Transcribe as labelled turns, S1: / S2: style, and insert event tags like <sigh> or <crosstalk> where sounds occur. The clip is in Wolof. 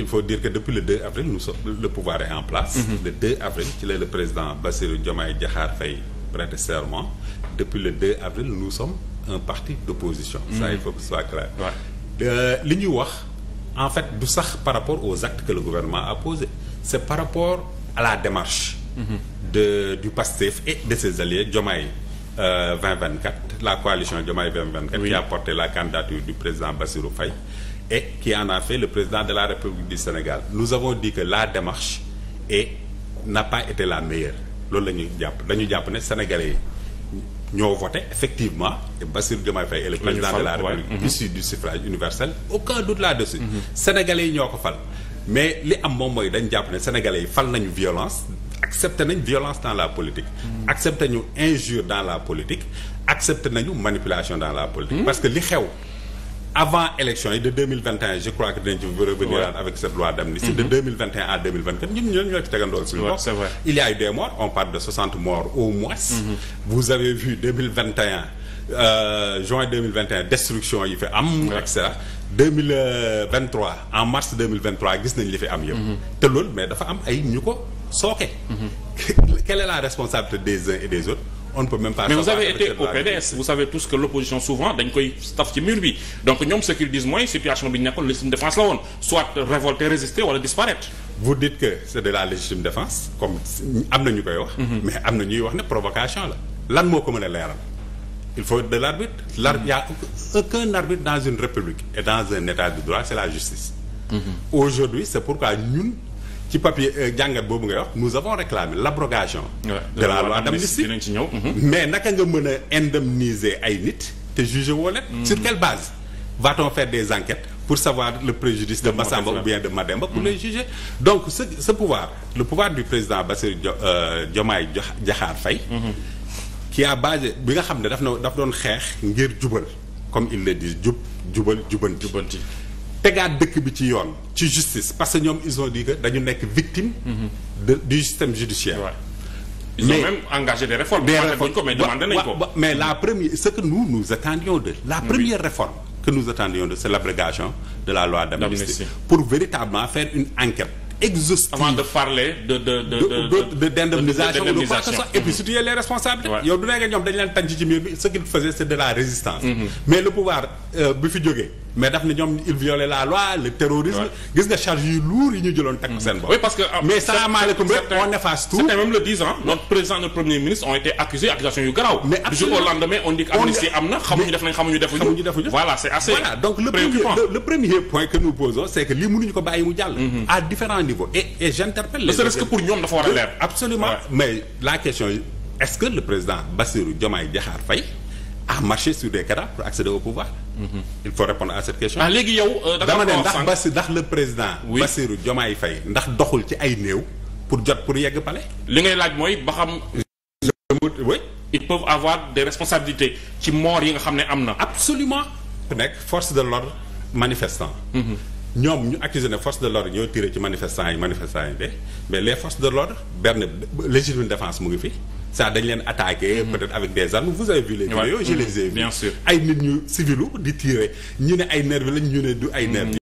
S1: il faut dire que depuis le 2 avril nous le pouvoir est en place. Mm -hmm. le 2 avril ci la le président Bassirou Diomaye Diakhar Faye prêter serment depuis le 2 avril nous sommes un parti d'opposition mm -hmm. li ñuy wax en fait du sax par rapport aux actes que le gouvernement a posés c'est par rapport à la démarche. Mm -hmm. de du PASTEF et de ses alliés Diomaye. euh, 2024, la coalition Diomaye 2024 oui. qui a porté la candidature du président Bassirou Faye et qui en a fait le président de la République du Sénégal. Nous avons dit que la démarche est n'a pas été la meilleure. loolu la ñuy jàpp dañu jàpp ne Sénégalais yi ñoo voté effectivement et Bassirou Diomaye Faye est le président de la République issu du suffrage universel aucun doute là-dessus mm-hmm. Sénégalais yi ñoo ko fal mais li am moom mooy dañ jàpp ne Sénégalais yi fal nañu violence accepté nañ violence dans la politique. accepté ñu injure dans la politique. nañu manipulation dans la politique. Hmm? parce que li xew avant élection yi de 2021 je crois que dinañ ci revenir avec cette loi d'amnistie hmm. de 2021 à 2024 ñun ñoo ñoo ci tegandoo suñu bopp il y a eu des morts on de 60 morts au moins. Hmm. vous avez vu 2021 euh, juin 2021 destruction yi fi am. et cetera 2023 en mars 2023 gis nañ li fi am yëpp. te lool mais dafa am ay ñu ko. sooke. <laughs> quelle est la responsabilité des uns et des autres on ne peut même pas. mais vous avez été au PDS vous savez tous que l' souvent dañ koy taf ci mur bi donc ñoom ce qu'ils disent mooy situation bi ñu nekkoon légitime défense la woon soit révolter résister wala disparaître. vous dites que c' de la légitime défense comme am na ñu koy wax. Mhm. mais am na ñuy wax ne provocation la. lan moo ko mën a leeral il faut de l' arbitre. l' arbitre mhm. y' arbitre dans une la justice. Mhm. aujourd'hui ci papier euh, jàngat boobu nga wax nous avons réclamé l'abrogation de la loi d'amnistie dinañ ci ñëw mhm. mais naka nga mën a indemniser ay nit te juger woo leen mhm. sur quelle base va-t-on faire des enquêtes pour savoir le préjudice de Massamba ou bien de Mademba pour mhm. les juger donc ce ce pouvoir le pouvoir du président Bassirou euh, Diomaye Diakhar Faye qui a basé bi nga xam ne daf na daf doon xeex ngir jubal comme il le dit jub jubal jubanti tegaat dëkk bi ci yoon ci justice parce que ñoom ils ont dit dañu nekk victime de du système judiciaire mais, ont même engagé des réformes des réformes mais demandé nañ ko mais la première ce que nous nous attendions de la première oui. réforme que nous attendions de c'est de la loi d'amnistie pour véritablement faire une enquête exhaustive de d'indemnisation ou de quoi que ce soit et puis situer les responsabilités yow du nekk ñoom dañ leen tànc ci miir bi ce qu'ils faisaient c'est de la résistance mm-hmm. mais euh, fi jógee mais daf na ñoom il viole la loi le terrorisme. gis nga charge yu lourd yi ñu jëloon takk seen bopp. parce que ah, mais salaamaaleykum rek on efface tout. c'était même le 10 ans notre président notre premier ministre ont été accusés accusation yu garaaw. mais du on le premier point que nous posons c'est que lii mënuñu ko bàyyi mu jàll. Mhm. à différents niveaux et et j'interpelle. ne serait-ce que pour ñoom dafa war a leer. absolument mais la question est-ce que le président Bassirou a marché sur de cadavres pour accéder au pouvoir. Mm -hmm. il faut répondre à cette question. ah léegi yow. Euh, dama ne ndax Basi président. oui Bassirou Diomaye ndax doxul ci ay néew. pour jot pour yegg pale li ngay laaj mooy ba xam. oui. il peuvent avoir des responsabilités ci moor yi nga xam ne am na. absolument ku nekk force de l'ordre manifestant. Mhm. ñoom ñu accusé ne force de l'ordre ñoo tiré ci manifestant yi manifestants yi de mais les forces de l'ordre benn légitime défense mu ngi fi. sax dañ leen attaqué. Mhm. peut-être avec des vous avez vu les vidéos je les ai mhm. bien sûr ay nit ñu civilu di tirer ñu ne ay nervi lañ ñu ne du ay nervi